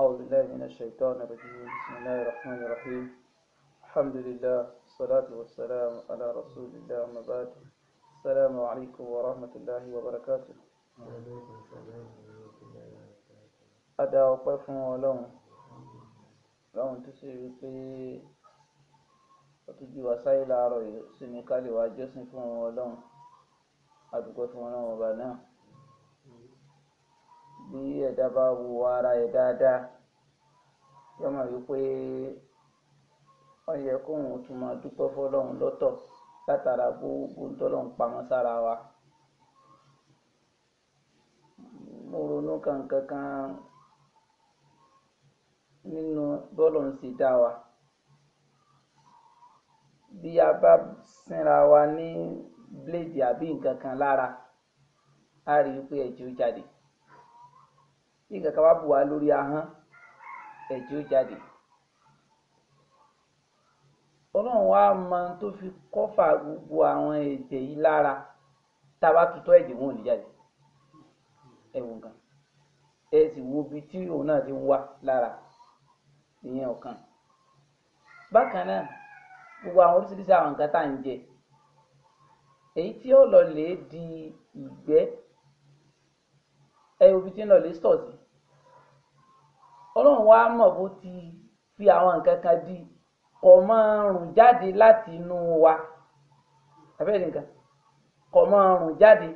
أعوذ بالله من الشيطان الرجيم بسم الله الرحمن الرحيم الحمد لله والصلاة والسلام على رسول الله أما بعد السلام عليكم ورحمة الله وبركاته أدا وقف ولون لون تسير في وتجي وسائل عروي سنكالي وجسن فون ولون أدقوا فون وبناه bí ẹ̀dá bá wo ara ẹ̀ dáadáa yóò mọ̀ wípé ó yẹ kóun tún máa dúpẹ́ fọlọ́run lọ́tọ̀ látara gbogbo tọ́lọ́run pamọ́ sára wa. mo ronú kankan kan nínú bọ́ọ̀lù ń sì dá wa bí a bá sínra wa ní bíléèdì àbí nǹkan kan lára a rí i pé ẹ̀jẹ̀ ó jáde bí nǹkan kan bá bù wá lórí ahọ́n ẹ̀jẹ̀ ó jáde ọlọ́run wá máa tó fi kọ́fà gbogbo àwọn ẹ̀jẹ̀ yìí lára tá a bá tutọ́ ẹ̀jẹ̀ wọn ò ní jáde ẹ wò gan ẹ sì wo ibi tí òun náà ti wá lára ìyẹn ọ̀kan bákan náà gbogbo àwọn oríṣiríṣi àwọn nǹkan tá ń jẹ èyí tí ó lọ lè di ìgbẹ́ ẹ obi tí ń lọ lè sọ̀ sí ọlọ́run wàá mọ̀ bó ti fi àwọn nǹkan kan di kọ̀ mọ́ rùn jáde láti inú wa àbẹ́rẹ́ nìkan kọ̀ mọ́ rùn jáde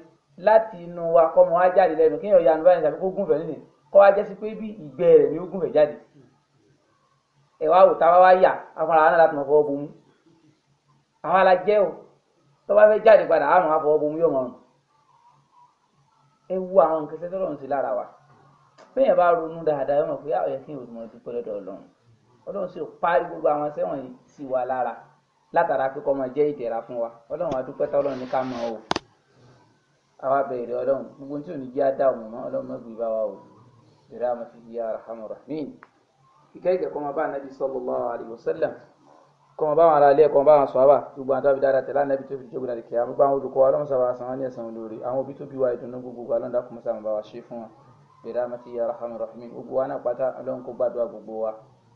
láti inú wa kọ́ mọ́ wá jáde lẹ́nu kí èèyàn yanu báyìí tàbí kó gùn fẹ́ nílẹ̀ kọ́ wá jẹ́ sí pé bí ìgbẹ́ rẹ̀ ni ó gùn fẹ́ jáde ẹ̀wá wò táwa wá yà afọlá wa náà láti mọ̀ fọwọ́ bomú àwa la jẹ́ o tó bá fẹ́ jáde padà àrùn afọwọ́ bomú yóò mọ̀ ọ́n ẹ wo àwọn nǹkan sẹ́tọ́rọ̀ ń sí lára wa bẹ́ẹ̀ bá ronú dáadáa yóò mọ̀ pé àwọn ẹ̀sìn ìwòsàn ọdún pẹ́ lọ́dọ̀ ọlọ́run ọlọ́run sì parí gbogbo àwọn sẹ́wọ̀n yìí sí wa lára látara pé kọ́mọ jẹ́ ìdẹ̀ra fún wa ọlọ́run adúpẹ́ tá ọlọ́run ní ká mọ̀ o àwa bẹ̀rẹ̀ ọlọ́run gbogbo tí ò ní jẹ́ àdá òun mọ́ ọlọ́run mọ́ gbé bá wa o bẹ̀rẹ̀ àwọn fi yá arhamar rahimin kíkẹ́ ìkẹ́ kọ́mọ bá anabi sallallahu alaihi wasallam kọ́mọ bá wọn aráalé kọ́mọ bá wọn sọ́ọ́bà gbogbo àwọn tábí dáadáa tẹ̀lé anabi tó fi jókòó dàdí kẹ́ àwọn gbogbo àwọn olùkọ́ ọlọ́run sábà san wọn ní ẹ̀san olóore àwọn òbí tó bí ìdùnnú gbogbo ọlọ́run dákùnmọ́sá àwọn bá wa ṣe fún wọn biramati ya rahman rahim gbogbo wa náà pátá ọlọ́run kó gbàdúrà gbogbo wa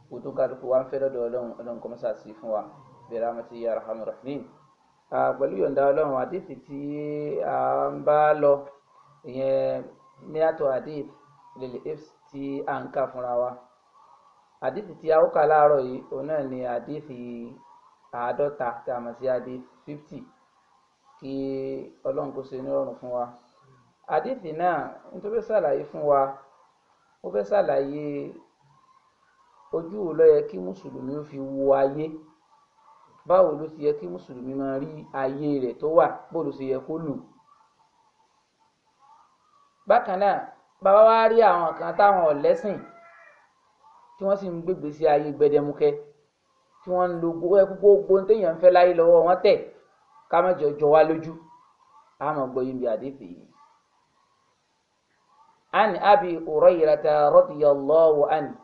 gbogbo kálukú wa ń fẹ́ lọ́dọ̀ ọlọ́run ọlọ́run kó mọ́sá sí fún wa biramati ya rahman rahim. pẹ̀lú yọ̀ǹda ọlọ́run àdéhìí tí a ń bá lọ ìyẹn mìíràn àdéhìí lèlè fc tí a ń kà fúnra wa àdéhìí tí a ó kà láàárọ̀ yìí òun náà ni àdéhìí àádọ́ta tí a mọ̀ sí àdéhìí fifty kí ọlọ́run kó ṣe ní ọ̀run fún wa àdìsí náà nítorí fẹ́ ṣàlàyé fún wa ó fẹ́ ṣàlàyé ojú wo ló yẹ kí mùsùlùmí ó fi wo ayé báwo ló ti yẹ kí mùsùlùmí máa rí ayé rẹ̀ tó wà bó ló ṣe yẹ kó lù bákan náà bàbá wa rí àwọn kan táwọn ọ̀lẹ́sìn tí wọ́n sì ń gbégbé sí ayé gbẹdẹmukẹ tí wọ́n ń lo gbogbo ohun téèyàn ń fẹ́ láyé lọ́wọ́ wọn tẹ̀ ká má jọ jọ wá lójú àmọ́ gbọ́yìn bí àdéhùn yìí. عن أبي هريرة رضي الله عنه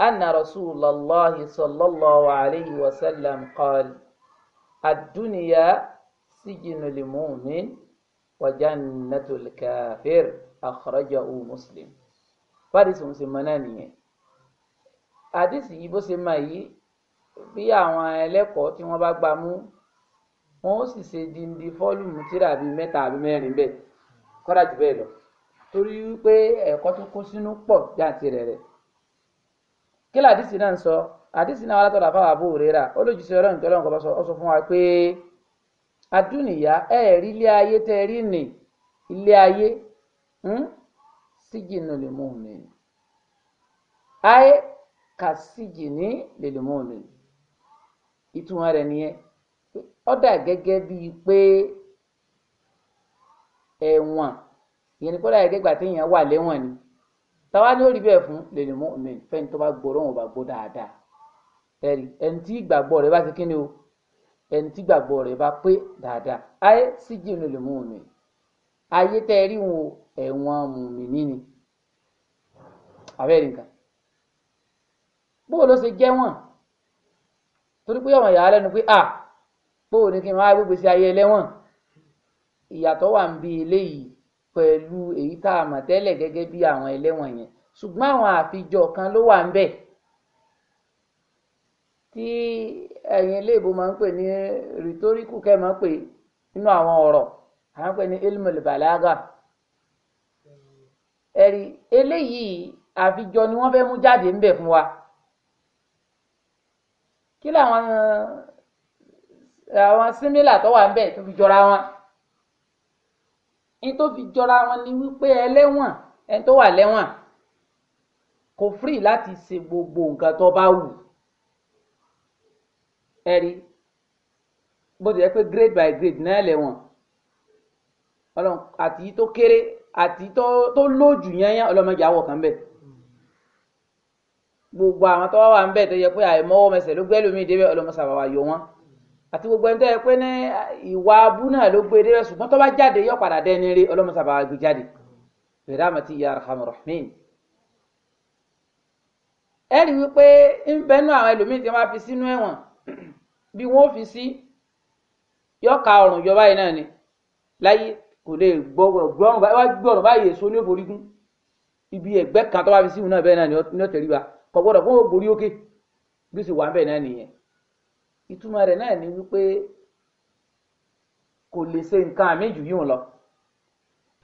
أن رسول الله صلى الله عليه وسلم قال الدنيا سجن المؤمن وجنة الكافر أخرجه مسلم فارس مسلمانانية àdìsí yìí bó ṣe máa yí bí àwọn ẹlẹ́kọ̀ọ́ tí wọ́n bá gbà mú wọn ó sì ṣe dindi fọ́lùmù tíra bíi torí wípé ẹ̀kọ́ tó kó sínú pọ̀ jáǹtì rẹ̀ rẹ̀ kí làdísì náà ń sọ àdísì náà wàlátọ̀ làfà àbú rírà ó lójú sí ọlọ́run kí ọlọ́run bá sọ ọ sọ fún wa pé adúnìyá ẹ rí ilé ayé tẹ rí nì ilé ayé hmm, síjìnì lè mú mi ayé kà síjìnì lè lè mú mi ìtumọ̀ rẹ̀ nìyẹn ó dà gẹ́gẹ́ bíi pé ẹ̀wọ̀n. E ìyẹn ni kódà gẹ́gẹ́ gbà téèyàn wà lẹ́wọ̀n ni táwa ni ó rí bẹ́ẹ̀ fún lè mú mi fẹ́ni tó bá gbọ́ ọlọ́run ọba gbọ́ dáadáa ẹ̀rí ẹni tí ìgbàgbọ́ rẹ bá ti kíni o ẹni tí ìgbàgbọ́ rẹ bá pé dáadáa ayé síjì ni lè mú mi ayé tẹ́ ẹ rí wọn ẹ̀wọ̀n mú mi abẹ́rẹ́ nǹkan bó ló ṣe jẹ́ wọ́n torí pé ọmọ ìyá lẹ́nu pé à bó ni kí n máa gbégbèsè ayé ẹlẹ́wọ̀n ìyàtọ̀ wà ń bí eléyìí pẹ̀lú èyí tá a mọ̀ tẹ́lẹ̀ gẹ́gẹ́ bí àwọn ẹlẹ́wọ̀n yẹn ṣùgbọ́n àwọn àfijọ kan ló wà ń bẹ̀ tí ẹ̀yin iléèbó máa ń pè ní rìtóríkù kẹ́ máa ń pè nínú àwọn ọ̀rọ̀ à ń pè ní ilmul balaga ẹ̀rí eléyìí àfijọ ni wọ́n fẹ́ mú jáde ń fún wa kí làwọn àwọn símílà tó wà ń tó fi jọra wọn ní tó fi jọra wọn ni wípé ẹlẹ́wọ̀n ẹni tó wà lẹ́wọ̀n kò free láti ṣe gbogbo nǹkan tó bá wù ẹ̀rí bó ti jẹ́ pé grade by grade náà lẹ́wọ̀n ọlọ́run àti tó kéré àti tó lójú yányán ọlọ́mọdé àwọ̀ kan bẹ̀ gbogbo àwọn tó wà wà ń bẹ̀ tó yẹ pé àìmọ́wọ́ mẹsẹ̀ ló gbẹ́ lómi débẹ̀ ọlọ́mọ sábà yọ wọ́n àti gbogbo ẹni tó yẹ pé ní ìwà abú náà ló gbé débẹ̀ ṣùgbọ́n tó bá jáde yọ padà dẹni rí ọlọ́mọṣà gbé jáde bẹ̀rẹ̀ ti ya arhamur rahimin. ẹ rí wípé ń bẹnu àwọn ẹlòmíín tí wọ́n fi sínú ẹ̀wọ̀n bí wọ́n fi sí yọ̀ọ̀ka ọ̀rùn ìjọba yìí náà ni láyé kò lè gbọ́rùn báyìí èso ní òforígún ibi ẹ̀gbẹ́ kan tó bá fi sí ìhun náà bẹ́ẹ̀ náà ni ó tẹ̀ríba kò gbọ́dọ̀ ìtumọ̀ rẹ̀ náà ni wípé kò lè ṣe nǹkan àmì jù yíwọn lọ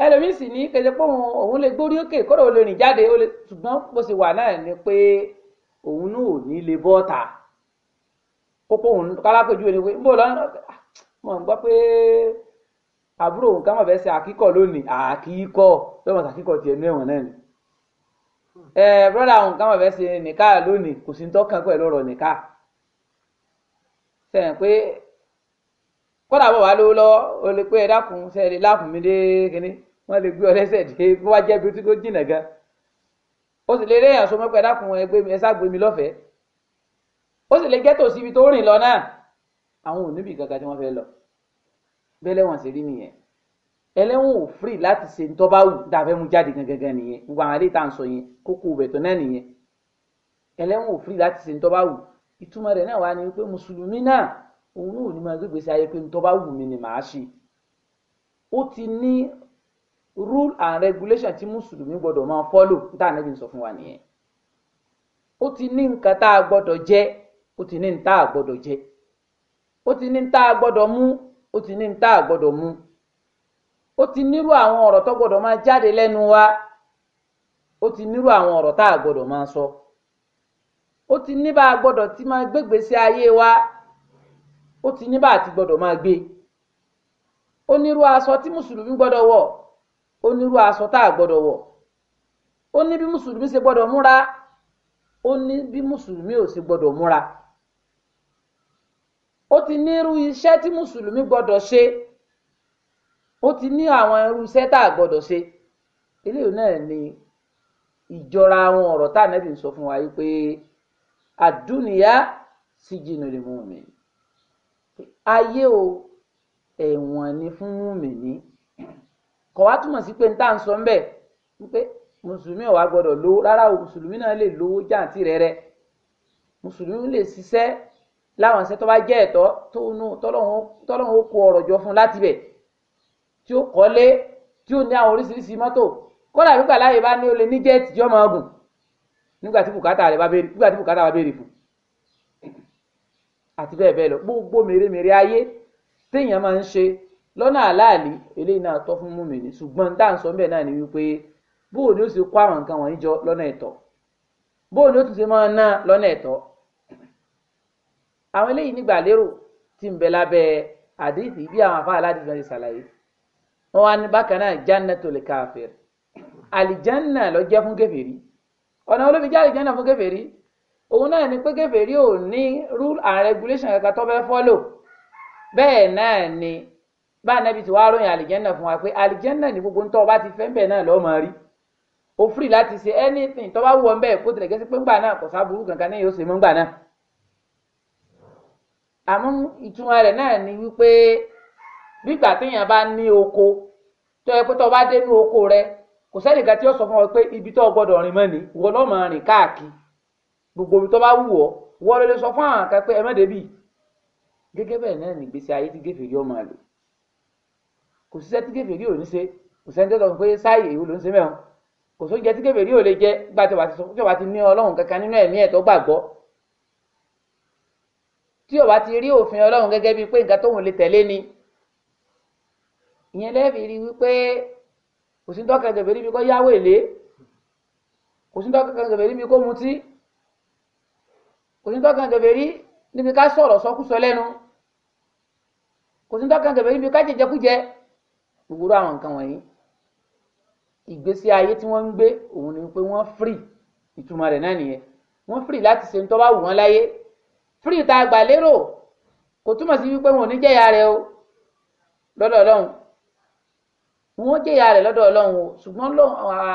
ẹlòmíín sì ní kẹjẹ pé òun lè gbórí òkè kódà jáde ṣùgbọ́n bó ṣe wà náà ni pé òun náà ò ní lè bọ́ ọ̀tà ó òun kálápẹ̀jú ẹni pé bó lọ́nà mọ̀ ń gbọ́ pé àbúrò òun ká mọ̀ fẹ́ ṣe àkíkọ̀ tiẹ̀ ní ẹ̀wọ̀n sẹ́yìn pé kódà bọ̀ wá lówó lọ́wọ́ o lè pé ẹ dákun sẹ́yìn lè láàkùn mi dé kínní wọ́n lè gbé ọ lẹ́sẹ̀ dé bó wá jẹ́ ibi tó jìnà gan o sì lè rí èèyàn sọmọ pé ẹ dákun ẹ gbé mi ẹ ságbe mi lọ́fẹ̀ẹ́ ó sì lè jẹ́ tòsí ibi tó rìn lọ náà àwọn ò níbi kankan tí wọ́n fẹ́ lọ bẹ́lẹ̀ wọn sì rí nìyẹn ẹlẹ́wọ̀n ò free láti ṣe ń wù dàbẹ́ mu jáde gangan nìyẹn gbogbo àwọn adé tá à ń sọ yẹn kókó òbẹ̀tọ̀ náà nìyẹn ẹlẹ́wọ̀n ò free láti ṣe ń wù ìtumọ̀ rẹ̀ náà wà ní pé mùsùlùmí náà òun náà ò ní máa gbégbèsè ayé pé nítorí bá wù mí ni màá ṣe ó ti ní rule and regulation tí mùsùlùmí gbọdọ̀ máa follow níta níbi sọ fún wa nìyẹn ó ti ní nǹkan tá a gbọdọ̀ jẹ ó ti ní nǹkan tá a gbọdọ̀ jẹ ó ti ní nǹkan tá a gbọdọ̀ mú ó ti ní nǹkan tá a gbọdọ̀ mú ó ti nírú àwọn ọ̀rọ̀ tó gbọdọ̀ máa jáde lẹ́nu wa ó ti nírú àwọn ọ̀rọ̀ tá a gbọdọ̀ máa sọ. So ó ti ní bá a gbọ́dọ̀ ti máa gbégbèsè ayé wa ó ti ní bá a ti gbọ́dọ̀ máa gbé onírú aṣọ tí mùsùlùmí gbọ́dọ̀ wọ̀ onírú aṣọ tá a gbọ́dọ̀ wọ̀ ó ní bí mùsùlùmí ṣe gbọ́dọ̀ múra ó ní bí mùsùlùmí ò ṣe gbọ́dọ̀ múra ó ti nírú iṣẹ́ tí mùsùlùmí gbọ́dọ̀ ṣe ó ti ní àwọn irú iṣẹ́ tá a gbọ́dọ̀ ṣe eléyìí náà ni ìjọra àwọn ọ̀rọ̀ tá a nẹbi sọ fún wa yìí pé àdúnìyá síjìnnà lè mú mi ayé o ẹ̀wọ̀n ni fún mùmíní kò wá túmọ̀ sí pé n tá à ń sọ ńbẹ̀ wípé mùsùlùmí ò wá gbọdọ̀ lówó rárá o mùsùlùmí náà lè lówó jàǹtì rẹ̀ rẹ̀ mùsùlùmí lè ṣiṣẹ́ láwọn iṣẹ́ tó bá jẹ́ ẹ̀tọ́ tọ́lọ́hún ó kó ọ̀rọ̀ jọ fún láti bẹ̀ tí ó kọ́lé tí ó ní àwọn oríṣiríṣi mọ́tò kódà nígbà láàyè bá ní ó lè ní jẹ́ẹ̀tì jọ́ máa nígbà tí bùkátà rẹ bá béèrè nígbà tí bùkátà bá béèrè fún àti bẹ́ẹ̀ bẹ́ẹ̀ lọ gbogbo mèremère ayé téèyàn máa ń ṣe lọ́nà àláàlí eléyìí náà tọ́ fún mùmìnì ṣùgbọ́n tá à ń sọ bẹ́ẹ̀ náà ni wípé bóò ni ó sì kó àwọn nǹkan wọ̀nyí jọ lọ́nà ẹ̀tọ́ bóò ni ó tún ṣe máa ná lọ́nà ẹ̀tọ́ àwọn eléyìí nígbà lérò tí ń bẹ lábẹ́ àdìsí bí àwọn afáàlá àdìsí náà ṣàlàyé wọn wá ní bákan náà jannatul kafir àlìjánná ló jẹ́ fún kèfèrí ọ̀nà olómi jáde jẹ́ náà fún kèfèrí òun náà ni pé kèfèrí ò ní rule and regulation kankan tó fẹ́ follow bẹ́ẹ̀ náà ni bá anabi ti wá ròyìn àlìjẹ́nà fún wa pé àlìjẹ́nà ni gbogbo ntọ́ ọba ti fẹ́ bẹ́ẹ̀ náà lọ́ọ́ máa rí o free láti ṣe anything tó bá wù ọ́ bẹ́ẹ̀ kó tilẹ̀ gẹ́sí pé ńgbà náà kò sábúrú kankan ní yóò ṣe mọ́ ńgbà náà àmọ́ ìtumọ̀ rẹ̀ náà ni wípé bí ìgbà bá ní oko tó yẹ pé tó bá dénú oko rẹ̀ kò sẹ́nìkan tí ó sọ fún ọ pé ibi tó gbọ́dọ̀ rìn mọ́ ni ìwọ ló máa rìn káàkiri gbogbo ibi tó bá wù ọ́ wọ́n lè sọ fún àwọn kan pé ẹ má débi gẹ́gẹ́ bẹ́ẹ̀ náà nìgbésí ayé tí gèfèrí ọmọ àlè kò síṣẹ́ tí gèfèrí ò ní ṣe kò sẹ́ni tó sọ pé sáàyè ìwọ ló ń ṣe mẹ́wọ̀n kò sóúnjẹ tí gèfèrí ò lè jẹ gba tí ọba ti ní ọlọ́run kankan nínú ẹ̀mí ẹ̀ tó gbàgbọ́ tí ọba ti rí òfin ọlọ́run gẹ́gẹ́ bíi pé nǹkan tóun lè tẹ̀lé ni ìyẹn lẹ́ẹ̀fì rí wípé sí tọ́kàn kẹfẹ́ níbi kọ́ yáwó èlé kò sí tọ́kàn kẹfẹ́ níbi kó mutí kò sí tọ́kàn kẹfẹ́ rí níbi ká sọ̀rọ̀ sọkúsọ lẹ́nu kò sí tọ́kàn kẹfẹ́ níbi ká jẹjẹkújẹ gbogbo àwọn nǹkan wọ̀nyí ìgbésí ayé tí wọ́n ń gbé òun ni pé wọ́n free ìtumọ̀ rẹ̀ náà nìyẹn wọ́n free láti ṣe ń tọ́ bá wù wọ́n láyé free tá a gbà lérò kò túmọ̀ sí wípé wọn ò ní jẹ́yà rẹ o lọ́dọ̀ ọlọ́run wọn jẹyà rẹ̀ lọ́dọ̀ Ọlọ́run o ṣùgbọ́n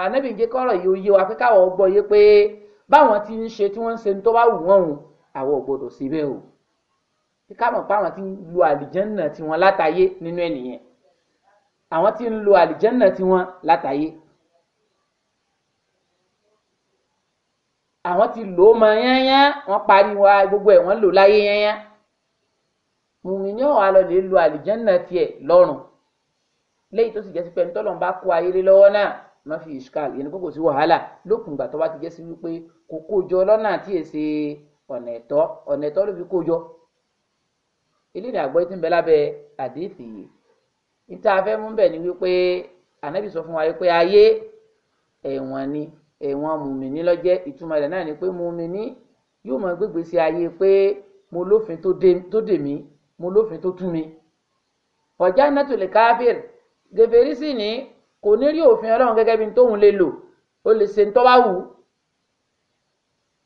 ànábì ń jẹ́ yìí ó yé wa pé káwọn gbọ́ yé pé báwọn ti ń ṣe tí wọ́n ń ṣe tó bá wù wọ́n o àwọn ò gbọdọ̀ ṣe bẹ́ẹ̀ o kí káwọn pa ti ń lo àlìjẹ́nà tiwọn látàyé nínú ẹnìyẹn àwọn ti ń lo àlìjẹ́nà tiwọn látàyé àwọn ti lò ó mọ yányá wọn parí wa gbogbo ẹ̀ wọ́n lò láyé yányá mùmí ní ọ̀hún alọ́ lè lo àlìjẹ́nà tiẹ̀ lọ́rùn léyìí tó sì jẹ́ sí pé ntọ́lọ̀ ń bá kó ayé lé lọ́wọ́ náà má fi iskal yẹn kó kò sí wàhálà lókùn ìgbà tó bá ti jẹ́ sí wípé kò kójọ lọ́nà àti èsè ọ̀nà ẹ̀tọ́ ọ̀nà ẹ̀tọ́ ló fi kójọ ilé àgbọ̀ yìí ti ń bẹ lábẹ́ àdéhìtì yìí níta fẹ́ mú bẹ̀ ni wípé ànábì sọ fún wa pé ayé ẹ̀wọ̀n ni ẹ̀wọ̀n mùmíní lọ́jẹ́ ìtumọ̀ rẹ̀ náà ni pé mùmíní yóò mọ gbégbé sí ayé pé mo lófin tó dè mí mo lófin tó tú mi ọ̀já náà tó lè káfíìrì gèfèrí sì ní kò ní rí òfin ọlọ́run gẹ́gẹ́ bí tóun lè lò ó lè ṣe tó bá wù ú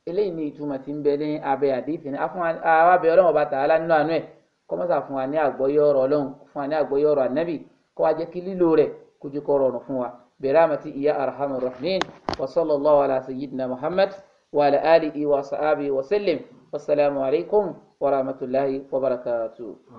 eléyìí ni ìtumọ̀ tí ń bẹ ní abẹ́ àdéhìfín àwábẹ́ ọlọ́run ọba tààlà nínú àánú ẹ̀ kọ́mọ́sà fún wa ní àgbọ́yé ọ̀rọ̀ ọlọ́run fún wa ní àgbọ́yé ọ̀rọ̀ ànábì kó wa jẹ́ kí lílo rẹ̀ kójú kọ́ rọrùn fún wa bẹ̀rẹ̀mẹ̀tì ìyá arhamu rahmin wa sallallahu ala sayyidina muhammad wa ala alihi wa sahabi wa sallim wasalaamu alaykum wa rahmatulahi wa barakatuh.